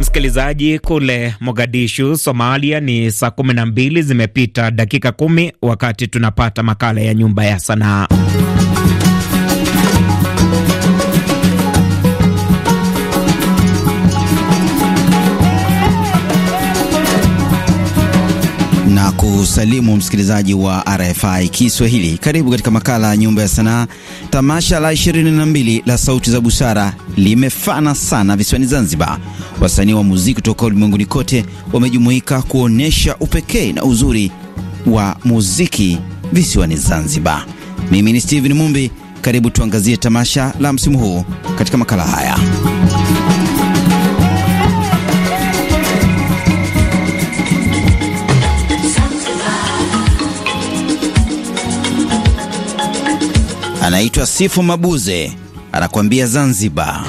Msikilizaji kule Mogadishu, Somalia, ni saa na mbili zimepita dakika kumi wakati tunapata makala ya nyumba ya sanaa. kusalimu msikilizaji wa RFI Kiswahili. Karibu katika makala ya Nyumba ya Sanaa. Tamasha la 22 la Sauti za Busara limefana sana visiwani Zanzibar. Wasanii wa muziki kutoka ulimwenguni kote wamejumuika kuonyesha upekee na uzuri wa muziki visiwani Zanzibar. Mimi ni Steven Mumbi, karibu tuangazie tamasha la msimu huu katika makala haya. anaitwa Sifu Mabuze, anakuambia Zanzibar.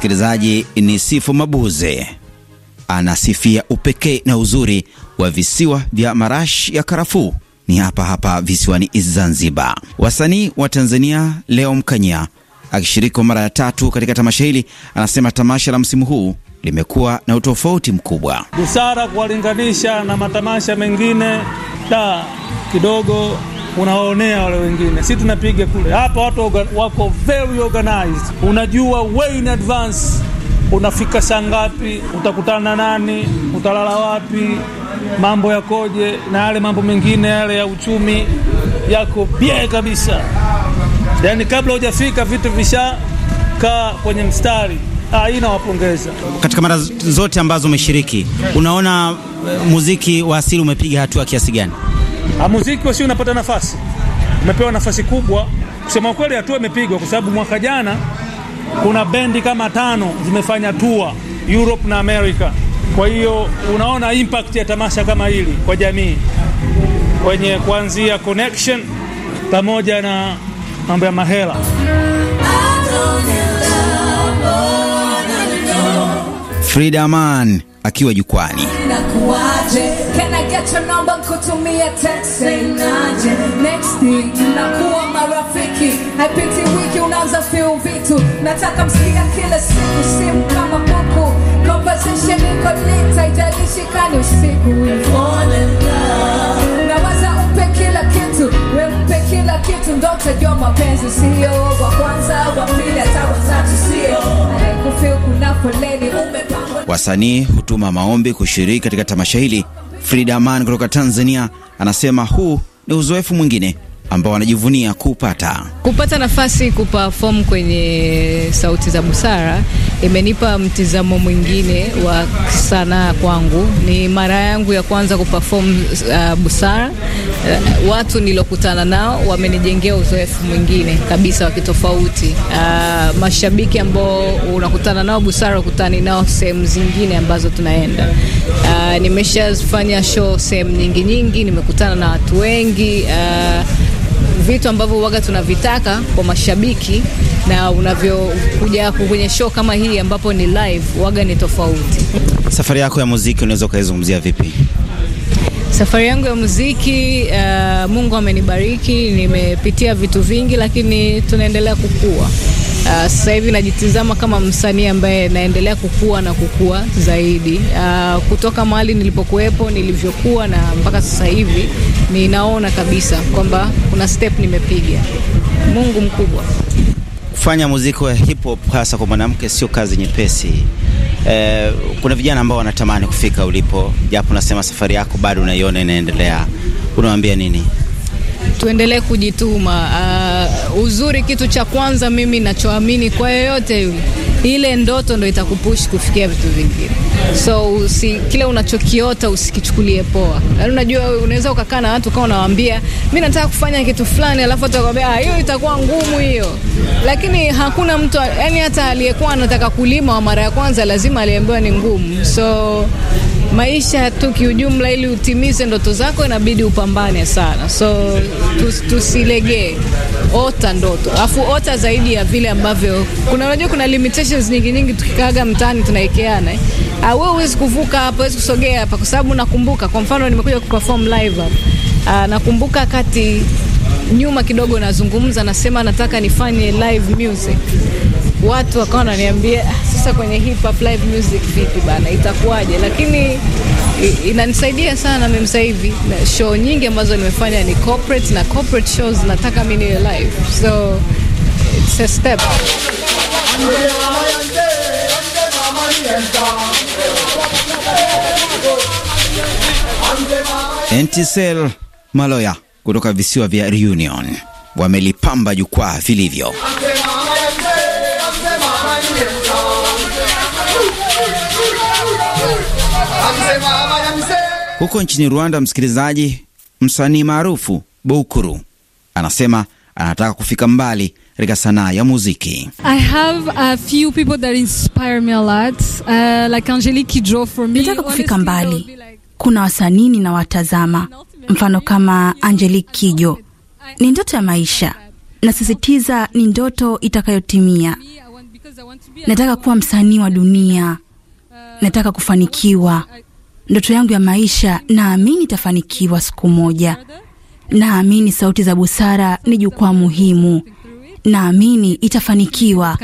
msikilizaji ni Sifu Mabuze anasifia upekee na uzuri wa visiwa vya marash ya karafuu ni hapa hapa visiwani Zanzibar. Wasanii wa Tanzania Leo Mkanya akishiriki kwa mara ya tatu katika tamasha hili, anasema tamasha la msimu huu limekuwa na utofauti mkubwa. Busara kuwalinganisha na matamasha mengine, da kidogo unawaonea wale wengine. Si tunapiga kule, hapa watu wako very organized, unajua way in advance unafika saa ngapi, utakutana nani, utalala wapi, mambo yakoje, na yale mambo mengine yale ya uchumi yako bie kabisa. Yani kabla hujafika vitu vishakaa kwenye mstari. Ah, inawapongeza. Katika mara zote ambazo umeshiriki, unaona eh, muziki wa asili umepiga hatua kiasi gani? Ha, ah, muziki wa asili unapata nafasi, umepewa nafasi kubwa. Kusema kweli, hatua imepigwa kwa sababu mwaka jana kuna bendi kama tano zimefanya tour Europe na America. Kwa hiyo unaona impact ya tamasha kama hili kwa jamii, kwenye kuanzia connection pamoja na mambo ya mahela Frida man akiwa jukwani. kitu ndo utajua kwanza wa pili hata watatu sio anayekufil kuna foleni umepa Wasanii hutuma maombi kushiriki katika tamasha hili. Frida Aman kutoka Tanzania anasema huu ni uzoefu mwingine ambao wanajivunia kupata kupata nafasi kuperform kwenye Sauti za Busara. Imenipa mtizamo mwingine wa sanaa kwangu. Ni mara yangu ya kwanza kuperform uh, Busara. Uh, watu nilokutana nao wamenijengea uzoefu mwingine kabisa wa kitofauti. Uh, mashabiki ambao unakutana nao Busara ukutani nao sehemu zingine ambazo tunaenda. Uh, nimeshafanya show sehemu nyingi nyingi, nimekutana na watu wengi uh, vitu ambavyo waga tunavitaka kwa mashabiki na unavyokuja kwenye show kama hii ambapo ni live waga ni tofauti. Safari yako ya muziki unaweza ukaizungumzia vipi? Safari yangu ya muziki uh, Mungu amenibariki, nimepitia vitu vingi, lakini tunaendelea kukua. Uh, sasa hivi najitizama kama msanii ambaye naendelea kukua na kukua zaidi, uh, kutoka mahali nilipokuwepo, nilivyokuwa na mpaka sasa hivi ninaona kabisa kwamba kuna step nimepiga. Mungu mkubwa. Kufanya muziki wa hip hop hasa kwa mwanamke sio kazi nyepesi. Eh, kuna vijana ambao wanatamani kufika ulipo, japo nasema safari yako bado unaiona inaendelea, unawaambia nini? Tuendelee kujituma uzuri, kitu cha kwanza mimi nachoamini kwa yoyote yule, ile ndoto ndo itakupush kufikia vitu vingine. So usi, kile unachokiota usikichukulie poa. Yaani unajua unaweza ukakaa na watu kama unawaambia mimi nataka kufanya kitu fulani, alafu atakwambia ah, hiyo itakuwa ngumu hiyo. Lakini hakuna mtu yaani hata aliyekuwa anataka kulima wa mara ya kwanza lazima aliambiwa ni ngumu. So maisha tu kiujumla, ili utimize ndoto zako inabidi upambane sana, so tusilegee, ota ndoto, afu ota zaidi ya vile ambavyo kuna. Unajua kuna limitations nyingi nyingi, tukikaaga mtaani tunaekeana, Ah, wewe huwezi kuvuka hapa, huwezi kusogea hapa, kwa sababu nakumbuka, kwa mfano nimekuja kuperform live hapa, ah, nakumbuka kati nyuma kidogo, nazungumza nasema nataka nifanye live music watu wakawa wananiambia sasa kwenye hip hop live music vipi bana, itakuwaje? Lakini inanisaidia sana mimi sasa hivi, show nyingi ambazo nimefanya ni corporate na corporate shows, nataka mimi niwe live, so it's a step Entisel Maloya kutoka visiwa vya Reunion wamelipamba jukwaa vilivyo. Huko nchini Rwanda, msikilizaji, msanii maarufu Bukuru anasema anataka kufika mbali katika sanaa ya muziki. Nataka kufika mbali, kuna wasanii ninawatazama, mfano kama Angelique Kijo. Ni ndoto ya maisha, nasisitiza ni ndoto itakayotimia. Nataka kuwa msanii wa dunia, nataka kufanikiwa ndoto yangu ya maisha, naamini itafanikiwa siku moja. Naamini sauti za busara ni jukwaa muhimu, naamini itafanikiwa.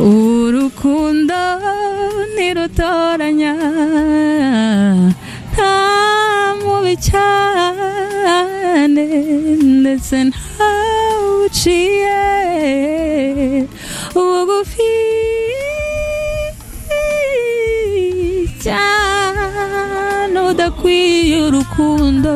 urukundo nirutoranya cyane ndetse ntawuciye ubugufi kw'iyo rukundo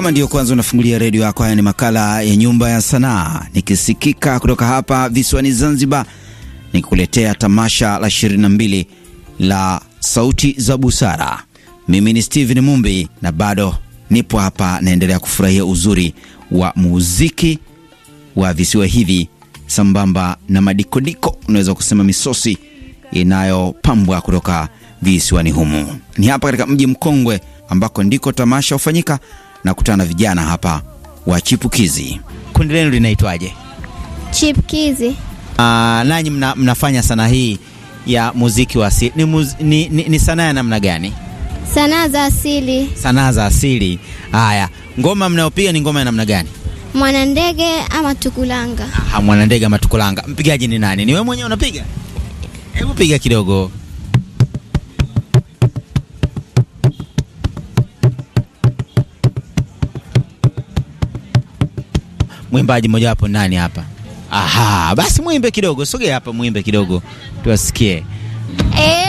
Kama ndiyo kwanza unafungulia redio yako, haya ni makala ya Nyumba ya Sanaa nikisikika kutoka hapa visiwani Zanzibar, nikikuletea tamasha la 22 la Sauti za Busara. Mimi ni Steven Mumbi na bado nipo hapa, naendelea kufurahia uzuri wa muziki wa visiwa hivi sambamba na madikodiko, unaweza kusema misosi inayopambwa kutoka visiwani humu. Ni hapa katika mji mkongwe ambako ndiko tamasha hufanyika nakutana na vijana hapa wa chipukizi. Kundi lenu linaitwaje? Chipukizi. Aa, ah, nanyi mna, mnafanya sanaa hii ya muziki wa asili ni, muz, ni, ni, ni sanaa ya namna gani? Sanaa za asili. Sanaa za asili. Haya, ngoma mnayopiga ni ngoma ya namna gani? Mwanandege ama tukulanga? Aha, mwanandege ama tukulanga. Mpigaji ni nani? Ni wewe mwenyewe unapiga? Hebu piga kidogo. mwimbaji mmoja wapo nani hapa? Aha, basi mwimbe kidogo, sogea hapa, mwimbe kidogo tuwasikie. Eh.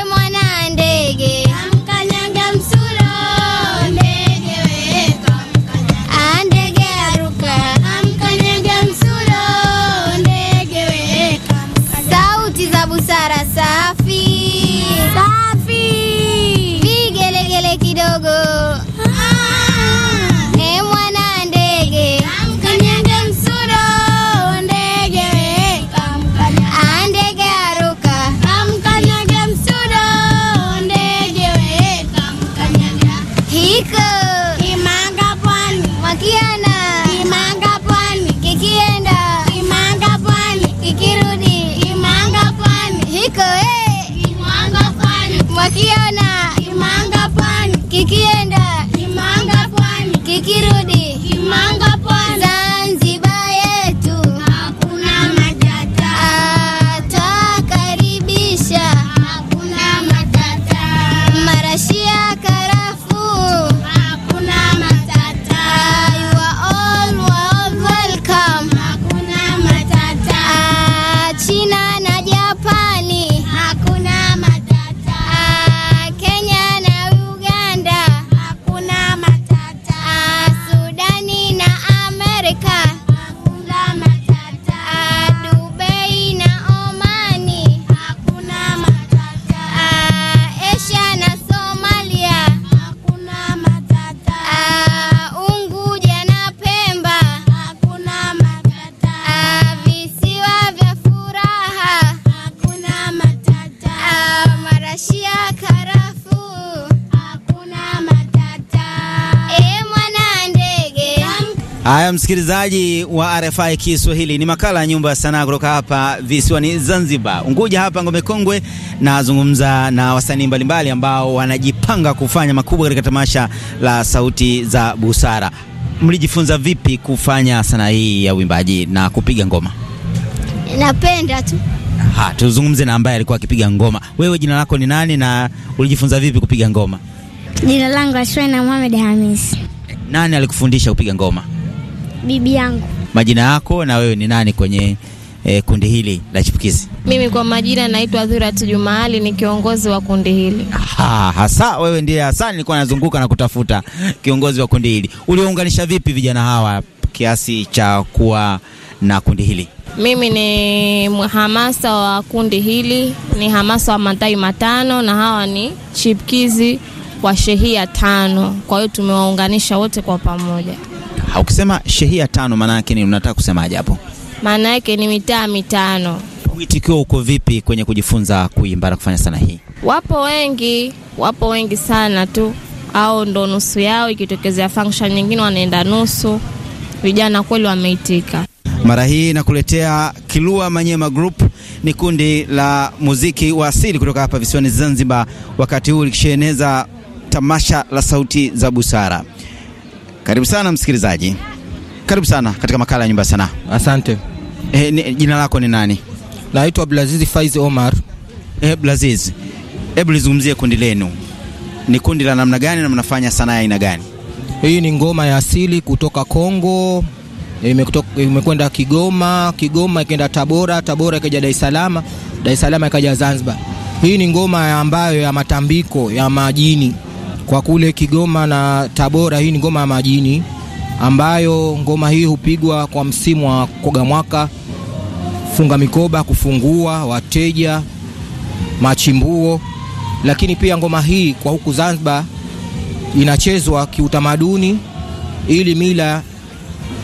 karafu hakuna matata. E, mwana ndege. Haya, msikilizaji wa RFI Kiswahili, ni makala ya nyumba ya sanaa kutoka hapa visiwani Zanzibar, Unguja, hapa ngome kongwe. Nazungumza na wasanii mbalimbali ambao wanajipanga kufanya makubwa katika tamasha la Sauti za Busara. Mlijifunza vipi kufanya sanaa hii ya uimbaji na kupiga ngoma? Napenda tu ha tuzungumze na ambaye alikuwa akipiga ngoma. Wewe jina lako ni nani na ulijifunza vipi kupiga ngoma? Jina langu Ashwana Mohamed Hamis. Nani alikufundisha kupiga ngoma? Bibi yangu. Majina yako na wewe ni nani kwenye eh, kundi hili la chipukizi? Mimi kwa majina naitwa Dhurat Jumaali, ni kiongozi wa kundi hili. Ha, hasa wewe ndiye hasa nilikuwa nazunguka na kutafuta kiongozi wa kundi hili. uliounganisha vipi vijana hawa kiasi cha kuwa na kundi hili? Mimi ni hamasa wa kundi hili, ni hamasa wa matai matano, na hawa ni chipkizi wa shehia tano. Kwa hiyo tumewaunganisha wote kwa pamoja. Ukisema shehia tano, maana yake ni unataka kusema hapo? Maana yake ni mitaa mitano. Mwitikio uko vipi kwenye kujifunza kuimba na kufanya sanaa hii? Wapo wengi, wapo wengi sana tu, au ndo nusu yao. Ikitokezea function nyingine wanaenda nusu. Vijana kweli wameitika. Mara hii nakuletea Kilua Manyema Group, ni kundi la muziki wa asili kutoka hapa visiwani Zanzibar, wakati huu likisheneza tamasha la sauti za busara. Karibu sana msikilizaji, karibu sana katika makala ya nyumba sanaa. Asante. E, jina lako ni nani? Naitwa Abdulaziz Faiz Omar. E, Abdulaziz, hebu lizungumzie kundi lenu, ni kundi la namna gani na mnafanya sanaa ya aina gani? Hii ni ngoma ya asili kutoka Kongo imekwenda Kigoma, Kigoma ikaenda Tabora, Tabora ikaja Dar es Salaam, Dar es Salaam ikaja Zanzibar. Hii ni ngoma ambayo ya matambiko ya majini kwa kule Kigoma na Tabora. Hii ni ngoma ya majini ambayo ngoma hii hupigwa kwa msimu wa koga mwaka, funga mikoba, kufungua wateja, machimbuo. Lakini pia ngoma hii kwa huku Zanzibar inachezwa kiutamaduni ili mila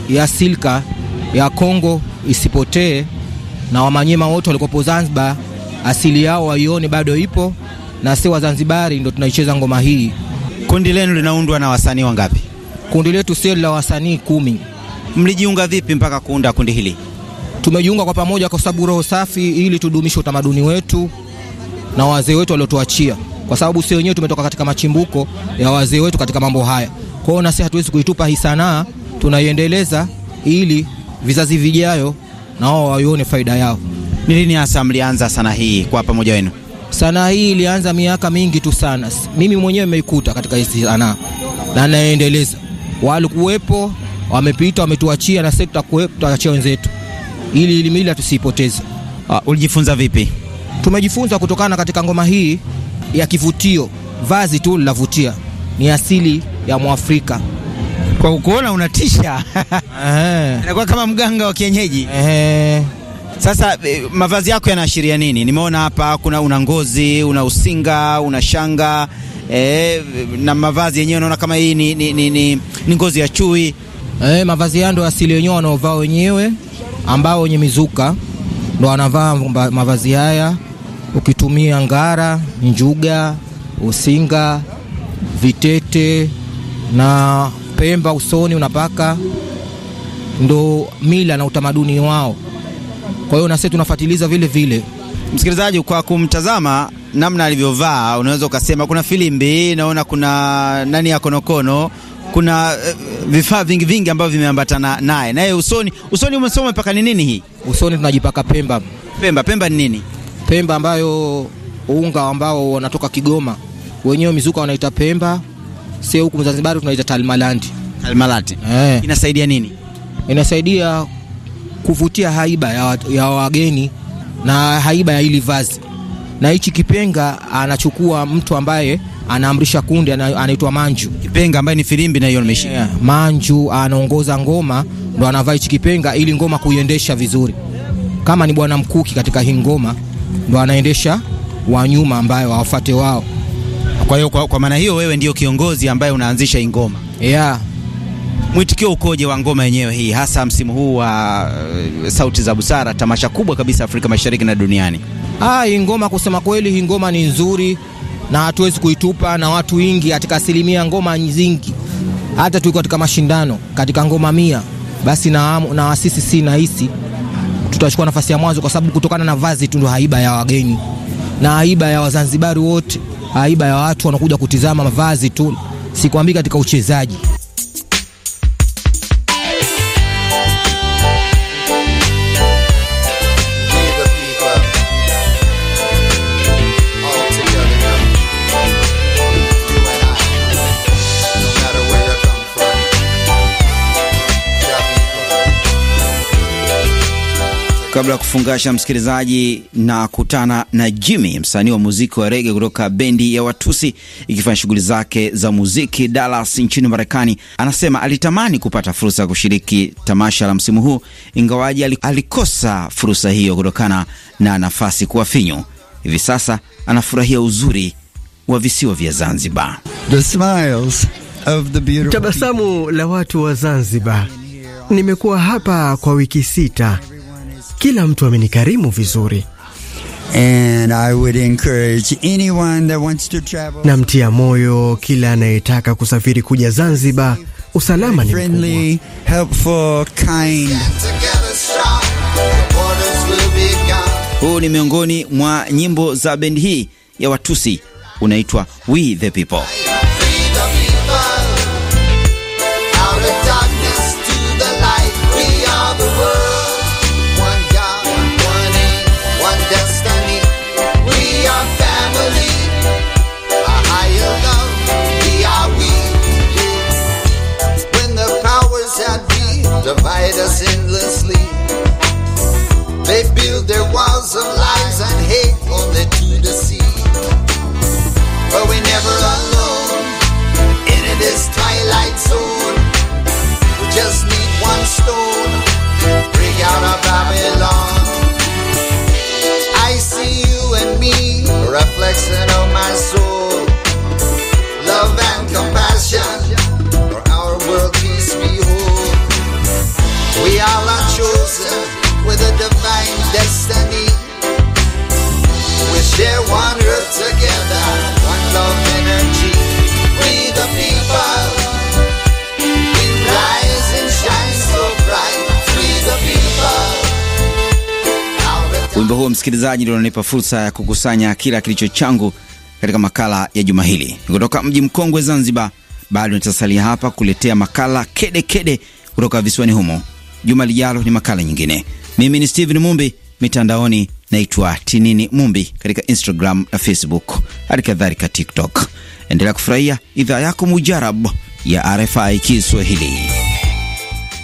ya silka ya Kongo isipotee na Wamanyema wote walikopo Zanzibar asili yao waione bado ipo, na si Wazanzibari ndo tunaicheza ngoma hii. Kundi lenu linaundwa na wasanii wangapi? Kundi letu sio la wasanii kumi. Mlijiunga vipi mpaka kuunda kundi hili? Tumejiunga kwa pamoja kwa sababu roho safi, ili tudumishe utamaduni wetu na wazee wetu waliotuachia, kwa sababu si wenyewe tumetoka katika machimbuko ya wazee wetu katika mambo haya. Kwa hiyo na sisi hatuwezi kuitupa hii sanaa tunaiendeleza ili vizazi vijayo na wao waione faida yao. Ni lini hasa mlianza sanaa hii kwa pamoja wenu? Sanaa hii ilianza miaka mingi tu sana, mimi mwenyewe nimeikuta katika hizi sanaa na naendeleza. Walikuwepo wamepita, wametuachia na sisi tutaachia wenzetu, ili ili mila tusipoteze. Uh, ulijifunza vipi? Tumejifunza kutokana katika ngoma hii ya kivutio, vazi tu linavutia, ni asili ya Mwafrika. Kwa kuona unatisha inakuwa kama mganga wa kienyeji. Eh. Sasa eh, mavazi yako yanaashiria nini? Nimeona hapa kuna una ngozi, una usinga, una shanga e, na mavazi yenyewe naona kama hii ni, ni, ni, ni, ni ngozi ya chui e, mavazi yao ndo asili wenyewe wanaovaa wenyewe, ambao wenye mizuka ndo wanavaa mavazi haya, ukitumia ngara, njuga, usinga, vitete na pemba usoni unapaka, ndo mila na utamaduni wao. Kwa hiyo na sisi tunafuatiliza vile vile. Msikilizaji, kwa kumtazama namna alivyovaa, unaweza ukasema kuna filimbi, naona kuna nani ya konokono kuna uh, vifaa vingi vingi ambavyo vimeambatana naye. Naye usoni usoni umesoma mpaka ni nini hii? Usoni tunajipaka pemba. Pemba, pemba ni nini? Pemba ambayo unga ambao wanatoka Kigoma, wenyewe mizuka wanaita pemba sio huku Zanzibar tunaita Talmalandi. Talmalati. Eh. Inasaidia nini? Inasaidia kuvutia haiba ya, ya wageni na haiba ya hili vazi. Na hichi kipenga anachukua mtu ambaye anaamrisha kundi anaitwa Manju. Kipenga ambaye ni filimbi na hiyo Yeah. Eh, Manju anaongoza ngoma ndo anavaa hichi kipenga ili ngoma kuiendesha vizuri. Kama ni bwana mkuki katika hii ngoma ndo anaendesha wanyuma ambayo wafuate wao. Kwa hiyo kwa, kwa maana hiyo wewe ndio kiongozi ambaye unaanzisha hii ngoma yeah. Mwitikio ukoje wa ngoma yenyewe hii hasa msimu huu wa uh, Sauti za Busara, tamasha kubwa kabisa Afrika Mashariki na duniani? Ah, hii ngoma kusema kweli, hii ngoma ni nzuri na hatuwezi kuitupa, na watu wengi katika asilimia ngoma nyingi, hata tuko katika mashindano katika ngoma mia, basi na, na sisi si nahisi tutachukua nafasi ya mwanzo, kwa sababu kutokana na vazi tu ndo haiba ya wageni na haiba ya Wazanzibari wote aiba ya watu wanakuja kutizama mavazi tu, sikwambii katika uchezaji. Kabla ya kufungasha msikilizaji, na kutana na Jimmy, msanii wa muziki wa rege kutoka bendi ya Watusi ikifanya shughuli zake za muziki Dallas nchini Marekani. Anasema alitamani kupata fursa ya kushiriki tamasha la msimu huu, ingawaji alikosa fursa hiyo kutokana na nafasi kuwa finyu. Hivi sasa anafurahia uzuri wa visiwa vya Zanzibar, the smiles of the beautiful, tabasamu la watu wa Zanzibar. Nimekuwa hapa kwa wiki sita kila mtu amenikarimu vizuri. And I would encourage anyone that wants to travel. Namtia moyo kila anayetaka kusafiri kuja Zanzibar, usalama ni friendly, helpful, kind. Huu ni miongoni mwa nyimbo za bendi hii ya Watusi unaitwa We the People. divide us endlessly. They build their walls of light. Wimbo huo msikilizaji, ndio unanipa fursa ya kukusanya kila kilicho changu katika makala ya juma hili kutoka mji mkongwe Zanzibar. Bado nitasalia hapa kuletea makala kedekede kutoka visiwani humo. Juma lijalo ni makala nyingine. Mimi ni stehen Mumbi, mitandaoni naitwa Tinini Mumbi katika Instagram na Facebook, hali kadhalika TikTok. Endelea kufurahia idhaa yako mujarab ya RFI Kiswahili.